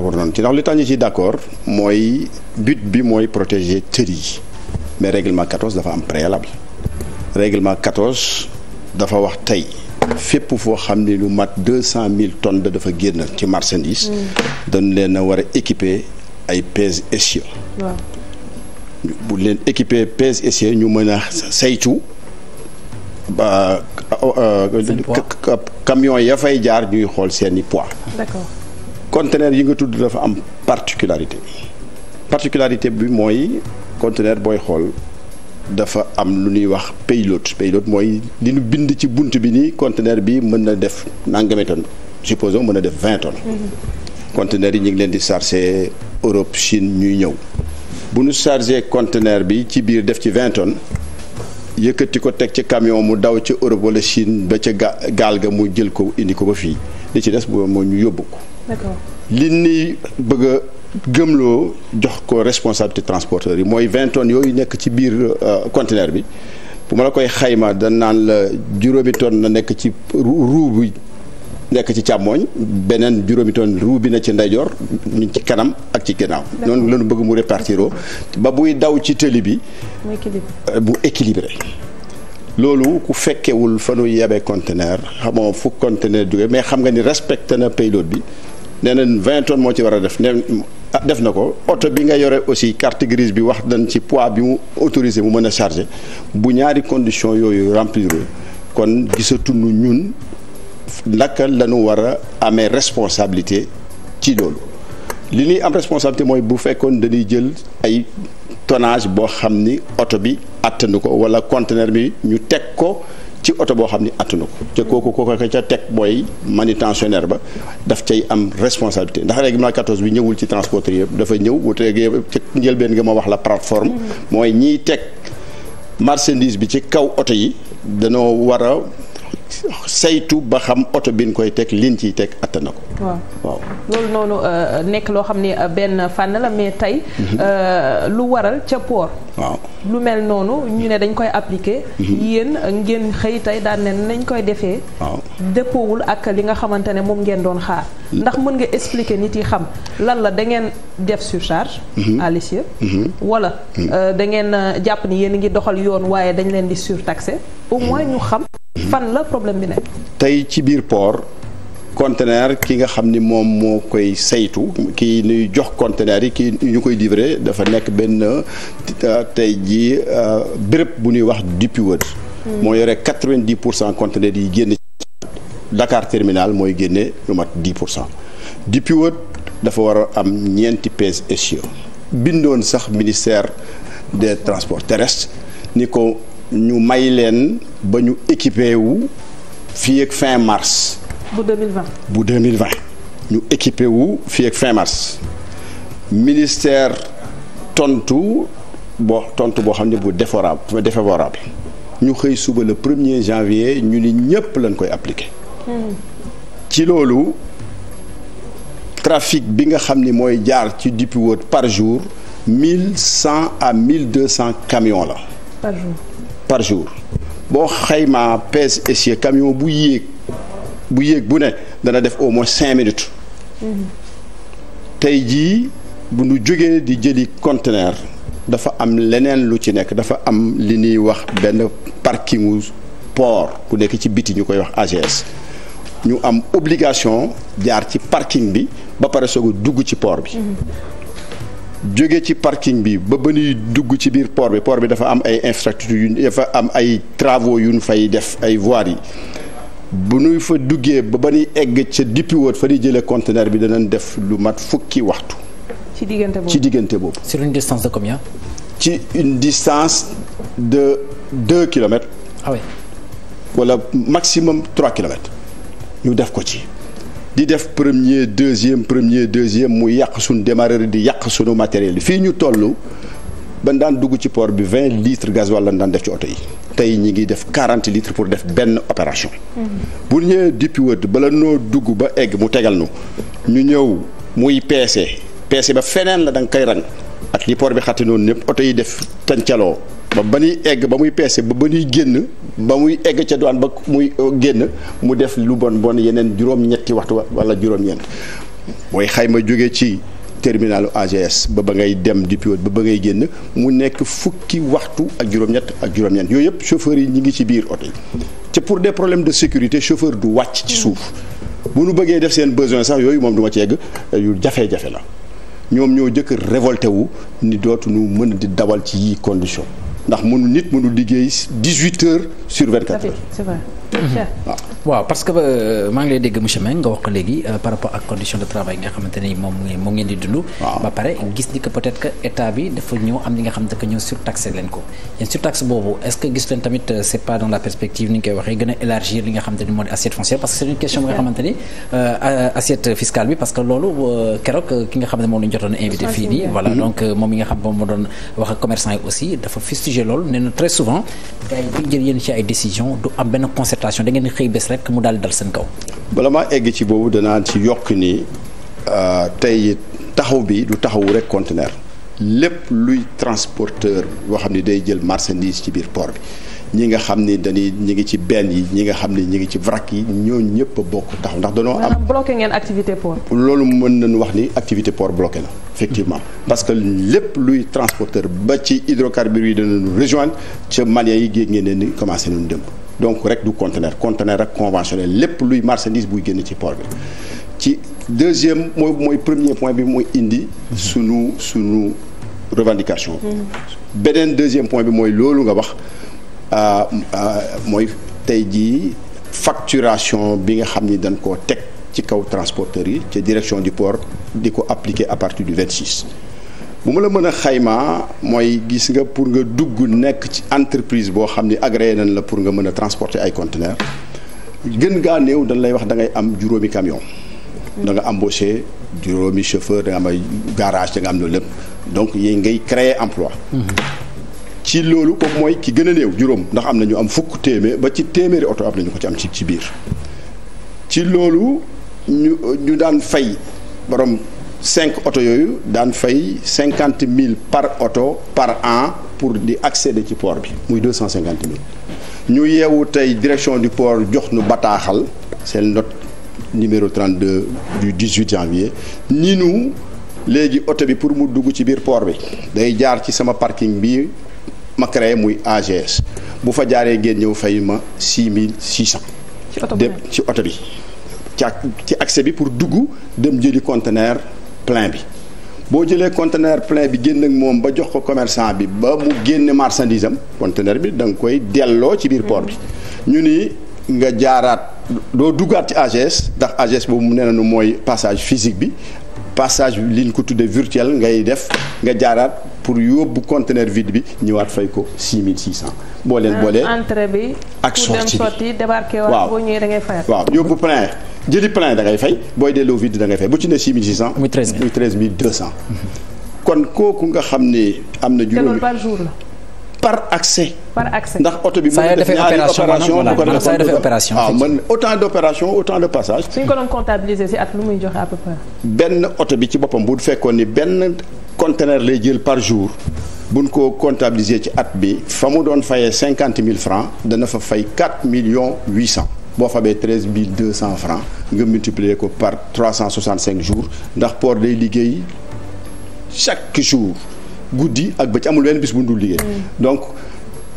waroon ci ndax li tax ñu ci d'accord mooy but bi mooy protéger cër mais réglement 14 dafa am préalable réglement 14 dafa wax tey fépp foo xam ne lu mat deux cent mille tonnes da dafa génn ci marchandise mm. dañ leen a war a équiper ay pèse essieu bu leen équiper pèse essieu ñu mën a saytu ba camion ya fay jaar ñuy xool seeni poids d'accord conteneur yi nga tudd dafa am particularité particularité bi mooy conteneur booy xool dafa am lu ñuy wax payload payload mooy li ñu bind ci bunt bi nii conteneur bi mën na def nangame tonne supposons mën na def vingt tonnes. Mhm. conteneur yi ñu ngi leen di chargé Europe Chine ñuy ñëw bu ñu chargé conteneur bi ci biir def ci vingt tonnes yëkkati ko teg ci camion mu daw ci Europe wala Chine ba ca gaal ga mu jël ko indi ko ba fii li ci des boobu moo ñu yóbbu ko. li ni bëgg a gëmloo jox ko responsabilité transporteur yi mooy vingt tonnes yooyu nekk ci biir euh, conteneur bi bu ma la koy xayma da naan la juróomi na nekk ci roue bi nekk ci càmmooñ beneen juróomi tonne bi na ci ndeyjoor ñu ci kanam ak ci ginnaaw noonu lañu bëgg mu répartiroo ba buy daw ci tëli bi bu euh, équilibré loolu ku fekkewul fa nu yebee conteneur xamoo fu conteneur jóge mais xam nga ni respecté na payload bi nee na 20 tonnes moo ci war a def nee ah, def na ko oto bi nga yore aussi carte grise bi wax dañ ci poids bi mu autorisé mu mën a chargé bu ñaari condition yooyu remplir kon gisatu nu ñun naka la war a amee responsabilité ci loolu li ñuy am responsabilité mooy bu fekkoon dañuy jël ay tonnage boo xam ni oto bi àttanu ko wala conteneur bi ñu teg ko ci oto boo xam ni attanu ko te kooku kooku ka ca teg mooy manutentionnaire ba daf cay am responsabilité ndax règlement 14 bi ñëwul ci transporteur yëpp dafa ñëw bu tegee ci njëlbeen nga ma wax la plateforme mm-hmm. mooy ñiy teg marchandise bi ci kaw oto yi danoo war a saytu ba xam oto bi ñu koy teg liñ ciy teg attan na ko. waaw loolu noonu euh, nekk loo xam ne euh, benn fànn la mais tey. Mhm. Euh, lu waral ca port. lu mel noonu ñu ne dañ koy appliquer. Mhm. yéen ngeen xëy tey daan ne nañ koy defee. waaw ak li nga xamante ne moom ngeen doon xaar. Mhm. ndax mën nga expliquer nit yi xam lan la dangeen def surcharge. à l'essieu wala da ngeen jàpp ni yéen a ngi doxal yoon waaye dañ leen di surtaxé au ñu xam. fan la problème bi ne tey ci biir port conteneur ki nga xam ni moom moo koy saytu ki ñuy jox conteneur yi ki ñu koy livrer dafa nekk benn euh, tey ji euh, béréb bu ñuy wax DP World hmm. moo yore quatre pour cent conteneur yi génn dakaar terminal mooy génne lu mat dix pour cent dafa war a am ñeenti pèse essieu bindoon sax ministère des transport terrestres ni ko ñu may leen ba ñu équipé wu fii fin mars. bu 2020 bu 2020 ñu équipé wu fii ak fin ministère tontu bo tontu boo xam ne bu défavorable défavorable ñu xëy suba le premier janvier ñu ni ñëpp lañ koy appliquer. Hmm. ci loolu trafic bi nga xam ni mooy jaar ci Dippiwot par jour mille cent à mille deux cent camions la. par jour boo xaymaa pèse essieu camion bu yéeg bu yéeg bu ne dana def au moins cinq minutes tey jii bu nu jógee di jëli conteneur dafa am leneen lu ci nekk dafa am li ñuy wax benn parkingu port bu nekk ci biti ñu koy wax AGS ñu am obligation jaar ci parking bi ba pare dugg ci poor bi jóge ci parking bi ba ba ñuy dugg ci biir port bi port bi dafa am ay infrastructure yu dafa am ay travaux yu ñu fay def ay voir yi bu ñuy fa duggee ba ba ñuy egg ca dippi fa ñuy jëlee conteneur bi danañ def lu mat fukki waxtu. ci diggante boobu ci diggante boobu. sur une distance de combien. ci une distance de deux kilomètres. ah wala maximum trois kilomètres ñu def ko ci. di def premier deuxième premier deuxième mu yàq suñu démarreur di yàq suñu matériel fii ñu tollu ban daan dugg ci poor bi vingt litres gasoil lan daan def ci oto yi tey ñi ngi def quarante litres pour def benn opération mm-hmm. bu ñëwee dippi wët bala noo dugg ba egg mu tegal nu ñu ñëw muy peese peese ba feneen la da nga koy rang ak li port bi xatti noonu ñëpp oto yi def tancaloo ba ba ñuy egg ba muy peese ba ba ñuy génn ba muy egg ca douane ba muy euh, génn mu def lu bon bon yeneen juróom-ñetti waxtu wala juróom-ñeent mooy xayma jóge ci terminalu AGS ba ba ngay dem di pilote ba ba ngay génn mu nekk fukki waxtu ak juróom-ñett ak juróom-ñeent yooyu yëpp chauffeurs yi ñu ngi ci biir oto yi te pour de problème de sécurité chauffeur du wàcc ci suuf bu nu bëggee def seen besoin sax yooyu moom du ma ci egg euh, yu jafe la ñoom ñoo jëkk révolté wu ni dootu mën di dawal ci condition ndax mënul nit mënul liggéey 18 heures sur 24 heures. c'est vrai. Ah. waaw parce que euh, maa nga wax ko léegi euh, par rapport ak condition de travail nga xamante ni moom moom ngeen di dund. ba pare gis ni que peut-être état bi dafa ñëw am li nga xamante que ñëw surtaxé leen ko yéen surtaxe boobu est-ce euh, une question bi nga xamante ni assiette fiscale bi parce que loolu keroog ki nga xam ne moom la ñu jotoon invité fii voilà mm-hmm. donc moom mi nga xam moom moo doon wax ak commerçant yi aussi dafa fustiger loolu nee très souvent gars concertation da ngeen di xëy bés rek mu daal dal seen kaw. bala maa egg ci boobu danaa ci yokk ni euh, tey taxaw bi du taxawu rek conteneur lépp luy transporteur boo xam ni day jël marchandise ci biir port bi. ñi nga xam ni dañuy ñi ngi ci benn yi ñi nga xam ni ñi ngi ci vrac yi ñoo ñëpp a bokk taxaw ndax dañoo am bloqué ngeen activité port. loolu mën nañu wax ni activité port bloqué na effectivement parce que lépp luy transporteur ba ci hydrocarbures yi danañu rejoindre ca Maliens yi géej ngeen ne ni commencé nañu dem. donc rek du conteneur conteneur rek conventionnel lépp luy marchandise buy génn ci port bi ci deuxième mooy mooy premier point bi mooy indi suñu suñu revendication mm-hmm. beneen deuxième point bi mooy loolu nga wax euh, euh, mooy tey jii facturation bi nga xam ni dañ koo teg ci kaw transporteurs yi ca direction du port di ko appliquer à partir du 26 bu ma la mën a xayma mooy gis nga pour nga dugg nekk ci entreprise boo xam ni agréé nañ la pour nga mën a transporter ay conteneurs gën gaa néew dañ lay wax da ngay am juróomi camion da nga embauché juróomi chauffeur da nga am ay garage da am am loolu lépp donc yéen ngay créer emploi ci loolu ko mooy ki gën a néew juróom ndax am na ñu am fukk téeméer ba ci téeméeri oto am na ñu ko ci am ci ci biir ci loolu ñu ñu daan fay borom cinq oto yooyu daan fay cinquante mille par oto par an pour di accéder ci port bi muy deux cent cinquante ñu yeewu tey direction du port jox nu bataaxal seen not numéro 32 du 18 janvier ni nu léegi oto bi pour mu dugg ci biir port bi day jaar ci sama parking bi ma créé muy AGS bu fa jaaree ngeen ñëw fay ma 6600 ci oto bi ci accès bi pour dugg dem jëli conteneur plein bi boo jëlee conteneur plein bi génn ak moom ba jox ko commercant bi ba mu génne marchandise am bi da nga koy delloo ci biir port bi ñu ni nga jaaraat doo duggaat ci AGS ndax ages boobu mu nee nañu mooy passage physique bi passage bi liñ ko tuddee virtuel ngay def nga jaaraat pour yóbbu conteneur vide bi ñëwaat fay ko 6600. boo leen boolee euh, entrée ak sortie waaw yóbbu plein. jëli plein da ngay fay booy delloo vide da ngay fay bu ci ne 6600. muy 13000 muy 13200. kon kooku nga xam ni am na. juróomi par jour par accès. par accès ndax oto bi. saa yoo defee opération bu ko defee opération. waaw ah, man autant d' opération autant de passage. suñ ko doon comptabiliser si at benn oto bi ci boppam bu fekkoon ni benn conteneur lay jël par jour. buñ ko comptabiliser ci at bi fa mu doon fayee cinquante mille francs dana fa fay quatre millions huit cent. boo fabee treize mille deux cent francs nga multiplier ko par trois cent soixante cinq jours ndax port day liggéey chaque jour guddi ak bëccëg amul benn bis bu dul liggéey. Mm. donc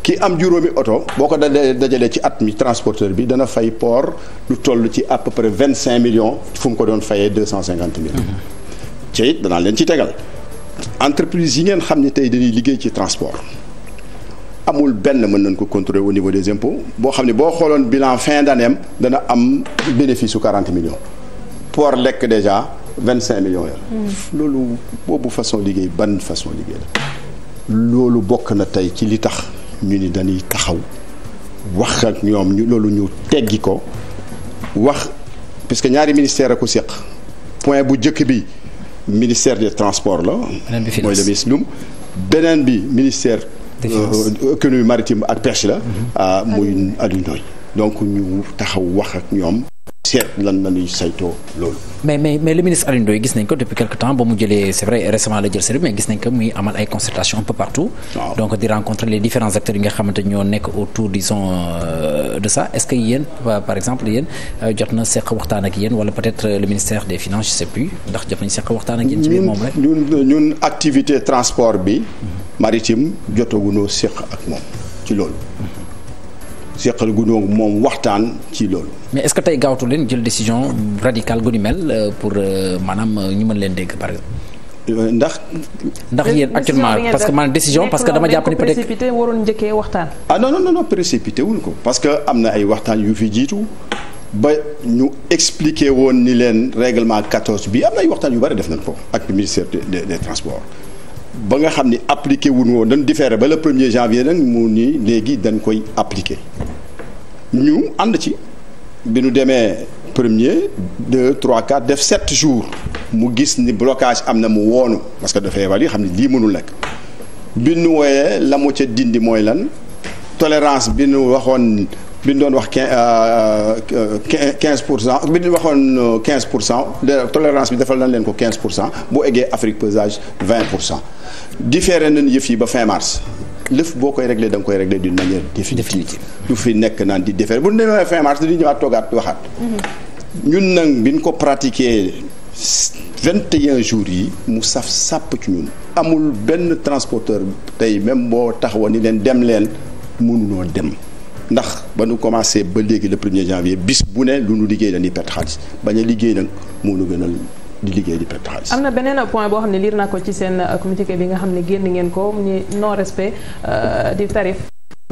ki am juróomi oto boo ko dajalee ci at mi transporteur bi dana fay port lu toll ci à peu près vingt cinq millions fu mu ko doon fayee deux cent cinquante mille. ci mm-hmm. it danaa leen ci tegal entreprise yi ngeen xam ne tey dañuy liggéey ci transport. amul benn mën nañ ko contrôler au niveau des impôts boo xam ne boo xooloon bilan fin d'année dana am bénéfice su million millions pour lekk déjà 25 millions ya hmm. loolu boobu façon liggéey ban façon liggéey la loolu bokk na tey ci li tax ñu ni dañuy taxaw wax ak ñoom ñu loolu ñu teggi ko wax puisque ñaari ministère a ko séq point bu jëkk bi ministère des transport la mooy le ministre beneen bi ministère yu euh, euh, maritime ak pêche la mhm. ah, muy Aliou Ndoye donc ñu taxaw wax ak ñoom seet lan la saytoo loolu. mais mais mais le ministre Alioune Ndoye gis nañ ko depuis quelque temps ba mu jëlee c'est vrai récemment la jël sëriñ mais gis nañ ko muy amal ay concertations un peu partout. donc di rencontrer les différents acteurs yi nga xamante ñoo nekk autour disons euh, de ça est-ce que yéen euh, par exemple yéen euh, jot na seq waxtaan ak yéen wala peut-être le ministère des finances je sais plus ndax jot nañ seq waxtaan ak yéen. ci biir moom rek ñun ñun activité transport seq ak moom ci loolu. seqal gu moom waxtaan ci loolu. mais est-ce que tey gaawtu leen jël décision radicale gu ni mel euh, pour euh, maanaam euh, ñu mën leen dégg par exemple. ndax. ndax yéen actuellement parce que man décision parce que dama jàpp ni peut-être précipité waroon njëkkee waxtaan. ah non non non ko parce que am na ay waxtaan yu fi jiitu ba ñu expliqué woon ni leen règlement 14 bi am na ay waxtaan yu bari def nañ ko ak ministère de des transports ba nga xam ni appliqué wuñ woon danu différé ba le premier janvier nag mu ni léegi dañ koy appliqué. ñu ànd ci bi nu demee premier deux trois quatre def sept jours mu gis ni blocage am na mu woonu parce que dafay évaluer xam ne lii mënul nekk bi nu wooyee la mu ca dindi mooy lan tolérance bi nu waxoon bi ñu doon wax quinze euh, euh, quinze pour cent bi ñu waxoon euh, quinze pour cent de tolérance bi defal na leen ko quinze pour cent bu eggee Afrique pesage vingt pour cent différé nañ yëf yi ba fin mars. lëf boo koy réglé da nga koy réglé d'une manière définitive du fi nekk naan di défere bu ñu demee fin mars di ñëwaat toogaat waxaat mhm. ñun nag biñ ko pratiqué vingt et un yi mu saf sàpp ci ñun amul benn transporteur tey même boo taxawoon ni leen dem leen mënunoo dem ndax ba nu commencer ba léegi le premier janvier bis bu ne lu nu liggéey dañuy perte xaalis bañ a liggéey nag moo nu gënal di liggéey di perte xaalis. am na beneen point boo xam ne liir naa ko ci seen euh, communiqué bi nga xam ne génn ngeen ko ñu non respect euh, du tarif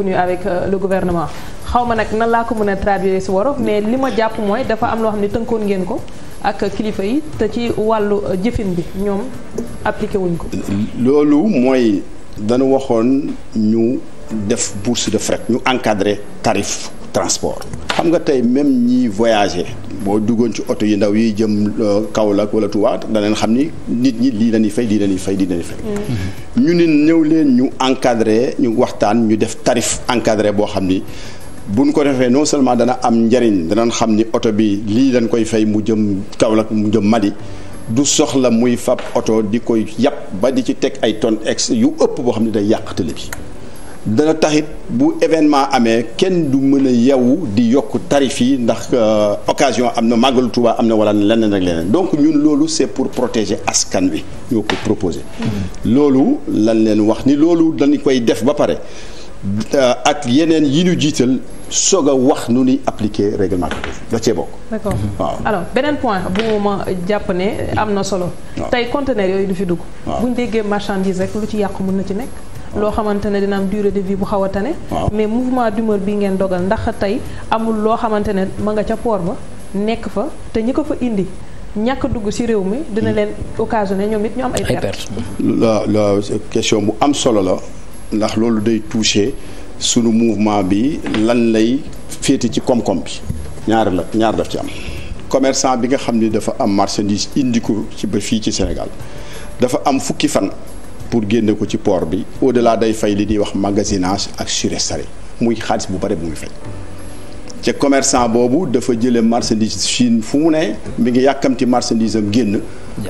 ñu avec euh, le gouvernement xaw ma nag nan laa ko mën a traduire si wolof mais li ma jàpp mooy dafa am loo xam ne tënkoon ngeen ko ak kilifa yi te ci wàllu jëfin bi ñoom appliqué wuñ ko. loolu mooy dañu waxoon ñu def bourse de fret ñu encadré tarif. transport. xam nga tey même ñiy voyager boo duggoon ci oto yi ndaw yi jëm euh, Kaolack wala Touba danañ xam ni nit ñi lii dañuy fay lii dañuy fay lii dañuy mm-hmm. ñu ne ñëw leen ñu encadré ñu waxtaan ñu def tarif encadré boo xam ni. buñ ko defee non seulement dana am njariñ danañ xam ni oto bi lii dañ koy fay mu jëm Kaolack mu jëm Mali du soxla muy fab oto di koy yàpp ba di ci teg ay tonnes ex yu ëpp boo xam ne day yàq tali dana taxit bu événement amee kenn du mën a yeewu di yokk tarif yi ndax euh, occasion am na màggalu Tuuba am na walla leneen ak leneen donc ñun loolu c'est pour protéger askan wi ñoo ko proposé. Mm-hmm. loolu lan leen wax ni loolu dañ koy def ba pare euh, ak yeneen yi ñu jiital. soog a wax nu ñuy appliquer règlement da cee bokk. d'accord mm-hmm. waaw alors beneen point bu ma jàpp ne am na solo. tey conteneur yooyu du fi waaw bu ñu déggee marchandise rek lu ci yàqu mën na ci nekk. loo xamante ne dina am durée de vie bu xaw a tane mais mouvement d'humeur bi ngeen dogal ndax tey amul loo xamante ne ma nga ca poor ba nekk fa te ñi ko fa indi ñàkk dugg ci réew mi dina mm. leen occasionné ñoom it ñu am ay perte la la question bu am solo la ndax loolu day toucher sunu mouvement bi lan lay féete ci koom-koom bi ñaar la ñaar daf ci am commerçant bi nga xam ni dafa am marchandise indi ko ci ba fii ci Sénégal dafa am fukki fan pour génne ko ci port bi au delà day fay li ñuy wax magasinage ak sure surestarie muy xaalis bu bare bu muy fay ca commerçant boobu dafa jële marchandise Chine fu mu ne mi ngi yàkkamti marchandise am génn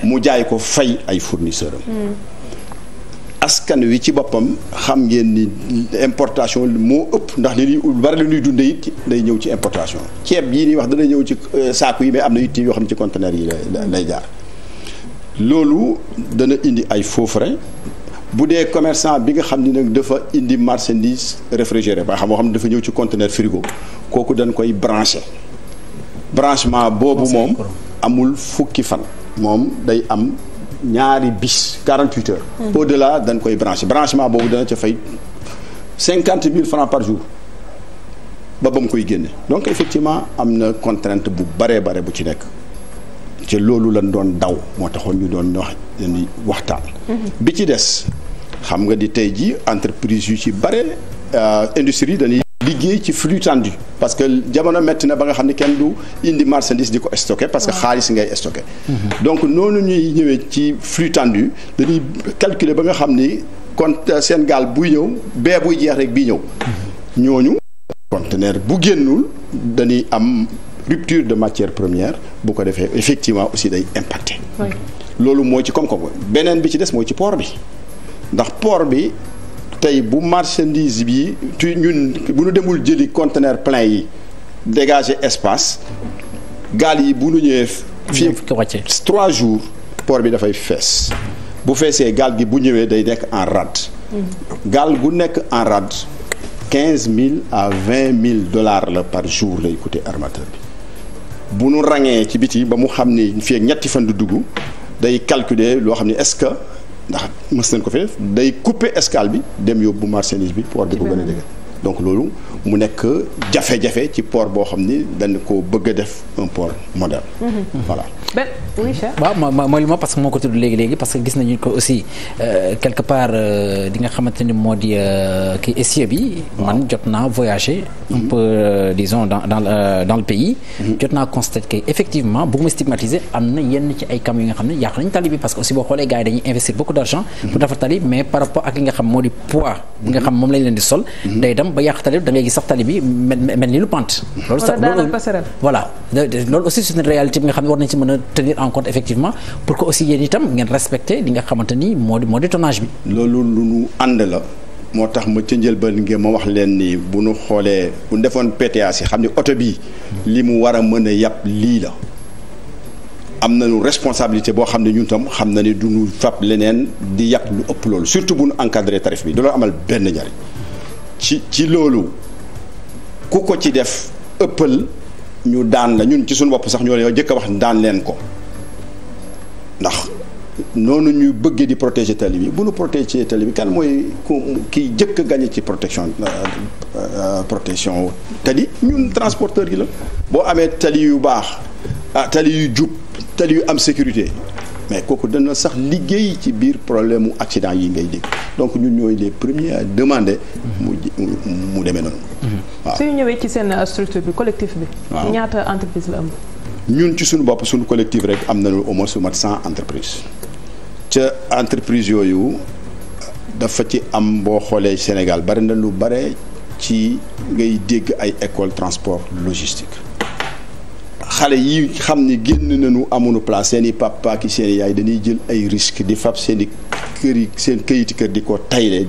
mu jaay ko fay ay fournisseur am mm. askan wi ci boppam xam ngeen ni importation moo ëpp ndax li ñuy bari li ñuy dunde it day ñëw ci importation ceeb yi ni wax dana ñëw ci euh, saaku yi mais am na it yoo xam ne ci conteneur yi lay jaar loolu dana indi ay faux frais bu dee commerçant bi nga xam ni nag dafa indi marchandise réfrigérée ba xam moo xam ne dafa ñëw ci conteneur frigo kooku dañ koy branché branchement boobu moom amul fukki fan moom day am ñaari bis 48 heures hmm. au delà dañ koy branché branchement boobu dana ca fay cinquante mille francs par jour ba ba koy génne donc effectivement am na contrainte bu baree bare bu ci nekk ci loolu lañ doon daw moo taxoon ñu doon wax dañuy waxtaan. Mhm. bi ci des xam nga di tey ji entreprise yu ci bare euh, industrie dañuy. liggéey ci flux tendu parce que jamono metti na ba nga xam ne kenn du indi marchandise di ko stocké parce que xaalis ngay stocké mhm. donc noonu ñuy ñëwee ci flux tendu dañuy calculer ba nga xam ni kon euh, seen gaal buy ñëw bee buy jeex rek bi ñëw mhm. ñooñu conteneur bu génnul dañuy am rupture de matière première bu ko defee effectivement aussi day impacté loolu moo ci koom-koom beneen bi ci des mooy ci port bi ndax poor bi tey bu marchandise bi tu ñun bu ñu demul jëli conteneur plein yi dégager espace gaal yi bu ñu ñëwee fii trois jours poor bi dafay fees bu feesee gaal gi bu ñëwee day nekk en rade mm. gaal gu nekk en rade quinze mille à vingt mille dollars la par jour lay coûter armateur bi bu nu ràññee ci biti ba mu xam ni fii ak ñetti fan du dugg day calculer loo xam ni est-ce que ndax mës nañ ko fi day couper escale bi dem yóbbu marchandise bi pour di ko gën a jege donc loolu mu nekk jafe-jafe ci poor boo xam ni dañ ko bëgg a def un port moderne. Mhm. voilà. ben oui cher. mooy li ma parce que moo ko tudd léegi léegi parce que gis nañu ko aussi euh, quelque part euh, di nga xamante ni moo di euh, kii essieu bi. man jot naa voyager. un mhm. dans le pays. Mhm. jot naa constater que effectivement bu ma stigmatiser am na yenn ci ay camions nga xam ne yàq nañu tali bi parce que aussi boo xoolee gars yi dañuy investir beaucoup d' pour defar tali mais par rapport lañ leen di sol. day ba yàq tali bi ngay gis sax tali bi mel ni lu pente. loolu sax loolu voilà loolu aussi c'est une réalité bi nga xam ne war nañ ci mën a tenir en compte effectivement pour que aussi yéen itam ngeen respecter li nga xamante ni moo di moo di tonnage bi. loolu lu nu ànd la. moo tax ma ca njëlbeen ngeen ma wax leen ni bu nu xoolee bu nu defoon PTA si xam ne oto bii li mu war a mën a yàpp lii la am na nañu responsabilité boo xam ne ñun tam xam na ni du ñu fab leneen di yàpp lu ëpp loolu surtout bu nu encadré tarif bi du la amal benn njariñ ci ci loolu ku ko ci def ëppal ñu daan la ñun ci suñu bopp sax ñoo leen jëkk a wax daan leen ko ndax noonu ñuy bëggee di protéger tali bi bu nu protéger tali bi kan mooy ku kiy jëkk a gagné ci protection euh, euh, protection tali ñun transporteur yi la boo amee tali yu baax ah tali yu jub tali yu am sécurité mais kooku dana sax liggéey ci biir problème mu accident yi ngay dégg donc ñun ñooy les premiers à demander. mu mu demee noonu. waaw su ñu ñëwee ci seen euh, structure bi collectif bi. waaw ñaata entreprise la am. ñun ci suñu bopp suñu collective rek am nañu au moins sumat mat cent entreprise ca entreprise yooyu dafa ci am boo xoolee Sénégal bari na lu bare ci ngay dégg ay école transport logistique. xale yi xam ni génn nañu amuñu place seen i papa ki seen yaay dañuy jël ay risques di fab seen i kër yi seen këyiti kër di ko tayle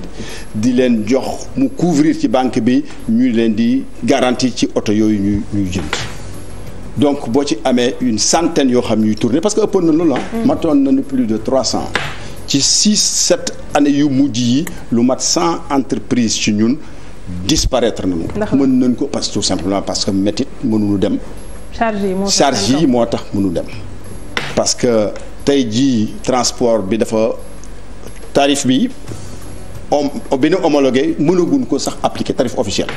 di leen jox mu couvrir ci banque bi ñu leen di garanti ci oto yooyu ñuy ñuy jënd donc boo ci amee une centaine yoo xam ñuy tourner parce que ëppoon na loolu ah. Mm. matoon nañu plus de trois cents ci six sept années yu mujj yi lu mat cent entreprises ci ñun disparaître nañu. mën nañ ko parce tout simplement parce que métit mënuñu dem. charge yi moo tax mënul dem parce que tey jii transport bi dafa tarif bi om bi nu homologué mënaguñ ko sax appliqué tarif officiel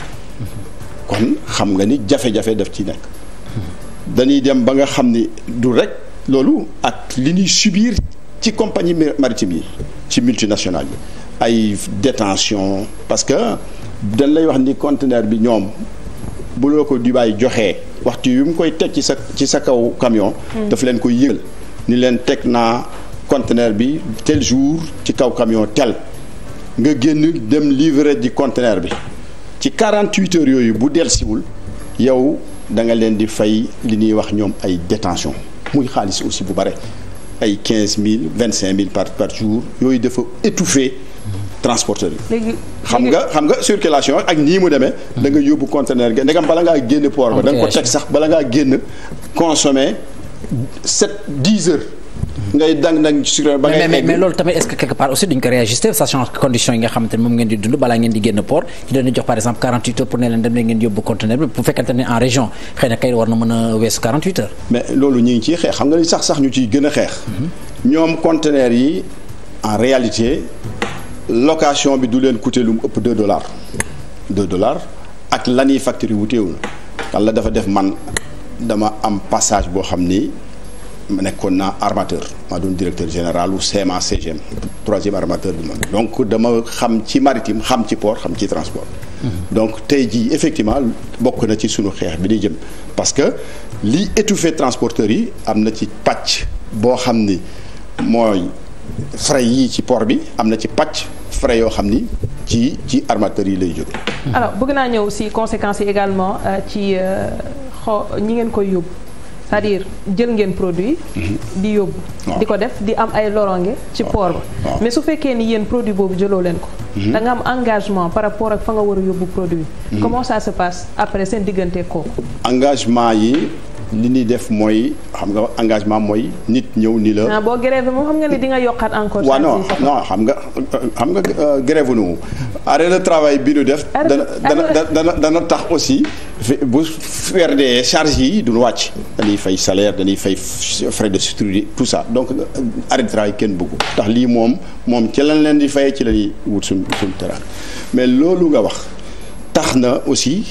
kon xam nga ni jafe-jafe daf ci nekk dañuy dem ba nga xam ni du rek loolu ak li ñuy subir ci compagnie maritime yi ci multinationale yi ay détention parce que dañ lay wax ni conteneur bi ñoom bu loo ko di Dubaï joxee waxtu yu mu koy teg ci sa ci sa kaw camion. Hmm. daf leen koy yëgal ni leen teg naa conteneur bi tel jour ci kaw kamiyon tel nga génn dem livrer di conteneur bi ci 48 heures yooyu bu dellusiwul yow da nga leen di fay li ñuy wax ñoom ay détention muy xaalis aussi bu bare ay quinze mille 15000 25000 par par jour yooyu dafa étouffé. transporteur yi. xam nga xam nga circulation ak nii mu demee. da nga yóbbu conteneur ga ndegam bala ngaa génn port ba da nga ko teg sax bala ngaa génn consommer sept dix heures. ngay dang dang ci ba ngay mais mais loolu tamit est nga xamante ne moom ngeen di dund ne leen dem leen ngeen yóbbu en région xëy na kay war a weesu 48 heures. mais loolu ngi ciy xeex xam nga ni sax sax ñu ciy gën a xeex. Mhm. ñoom conteneur yi en réalité. location bi du leen coûter lu mu ëpp 2 dollars 2 dollars ak lani facture wu téewul la dafa def man dama am passage boo xam ni nekkoon naa armateur maa doon directeur général wu CMA CGM troisième armateur du monde donc dama xam ci maritime xam ci port xam ci transport mhm. donc tey jii effectivement bokk na ci suñu xeex bi di jëm parce que li étouffé transporteurs yi am na ci pàcc boo xam ni mooy frais yii ci port bi am na ci pàcc frais yoo xam ni ci ci armateur yi lay jóge alors bëgg naa ñëw si conséquence yi également euh, ci euh, xo ñi ngeen koy yóbbu c'est-à-dire jël ngeen produit. Mm-hmm. di yóbbu. di ko def di am ay loronge ci port ba. mais su fekkee ni yéen produit boobu jëloo leen ko. Mm-hmm. da nga am engagement par rapport ak fa nga war a yóbbu produit. Mm-hmm. comment ça se passe après seen diggante kooku. engagement yi. li ñuy def mooy xam nga engagement mooy nit ñëw nii la. Ah, boo grève moom xam nga ni di nga yokkaat encore. waaw non non xam nga xam nga euh, grève nu arrêt le travail bi ñu def. dana dana dana dana tax aussi bu de charge yi du duñu wàcc. dañuy fay salaire dañuy fay frais de structure tout ça donc euh, arrêt de travail kenn bëggu tax lii moom moom ci lañ leen di fayee ci la ñuy wut suñ suñ teraan mais loolu nga wax tax na aussi.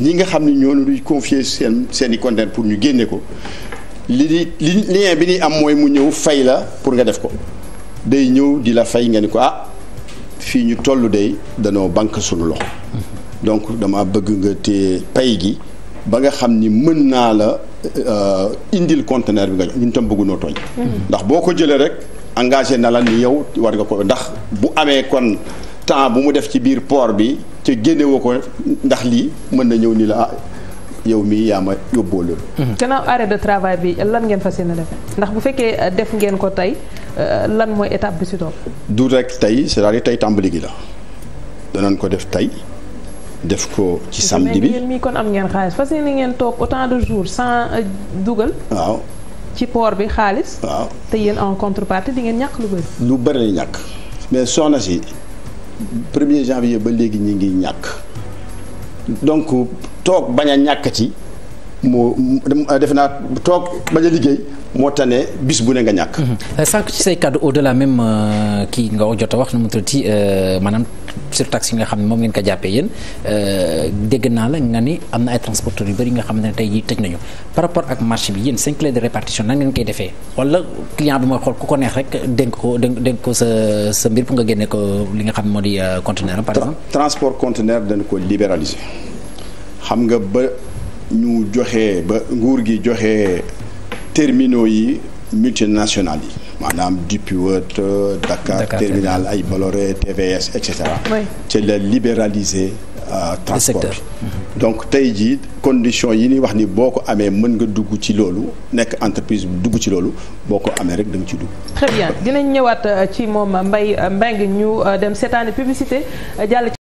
ñi nga xam ne ñoonu duy confier seen seen i conteneur pour ñu génne ko li di li lien bi ñuy am mooy mu ñëw fay la pour nga def ko day ñëw di la fay nga ni ko ah fii ñu toll day danoo banque suñu loxo donc dama bëgg nga téye pay gi ba nga xam ni mën naa la euh, indil conteneur bi nga ñun tam bëggunoo tooñ ndax boo ko jëlee rek engagé na la ni yow war nga ko ndax bu amee kon temps bu mu def ci biir poor bi ca génnewu ko ndax lii mën na ñëw nii la ah yow mii yaa ma yóbboo loolu. Hmm. gannaaw arrêt de travail bi lan ngeen fas yéene def ndax bu fekkee euh, def ngeen ko tey euh, lan mooy étape bi si topp. du rek tey cest à tey tàmbali gi la danañ ko def tey def ko ci samedi bi mii kon am ngeen xaalis fas yéene ngeen toog autant de jour sans euh, dugal. waaw ci poor bi xaalis. waaw te yéen en contrepartie di ngeen ñàkk lu bëri. lu bëri la ñàkk mais soxna 1er janvier ba léegi ñi ngi ñàkk donc toog bañ ñàkk ci moo euh, defe naa toog bañ a liggéey moo tane bis bu ne nga ñàkk. Mm-hmm. Euh, sànq ci say kàddu de la même euh, kii nga jot a wax nu mu tuddati maanaam. surtaxe yi nga xam ne moom ngeen ko jàppee yéen euh, dégg naa la nga ni am na ay transporteurs yu bëri nga xam ne tey jii tëj nañu par rapport ak marché bi yéen seen clé de répartition nan ngeen koy defee wala client bi mooy xool ku ko neex rek dénk ko dénk ko sa sa mbir pour nga génne ko li nga xam moo di euh, conteneur par exemple transport conteneur dañ ko libéraliser xam nga ba ñu joxee ba nguur gi joxee terminaux yi multinationales yi maanaam Dupi Wët Dakar Terminal ay Bolloré TVS et cetera. ci la libéraliser euh, transport mm-hmm. donc tey jii condition yi ñuy wax ni boo ko amee mën nga dugg ci loolu nekk entreprise dugg ci loolu boo ko amee rek da nga ci dugg. très bien dinañ ñëwaat euh, ci moom mbay euh, Mbengue ñu dem seetaani publicité jàll.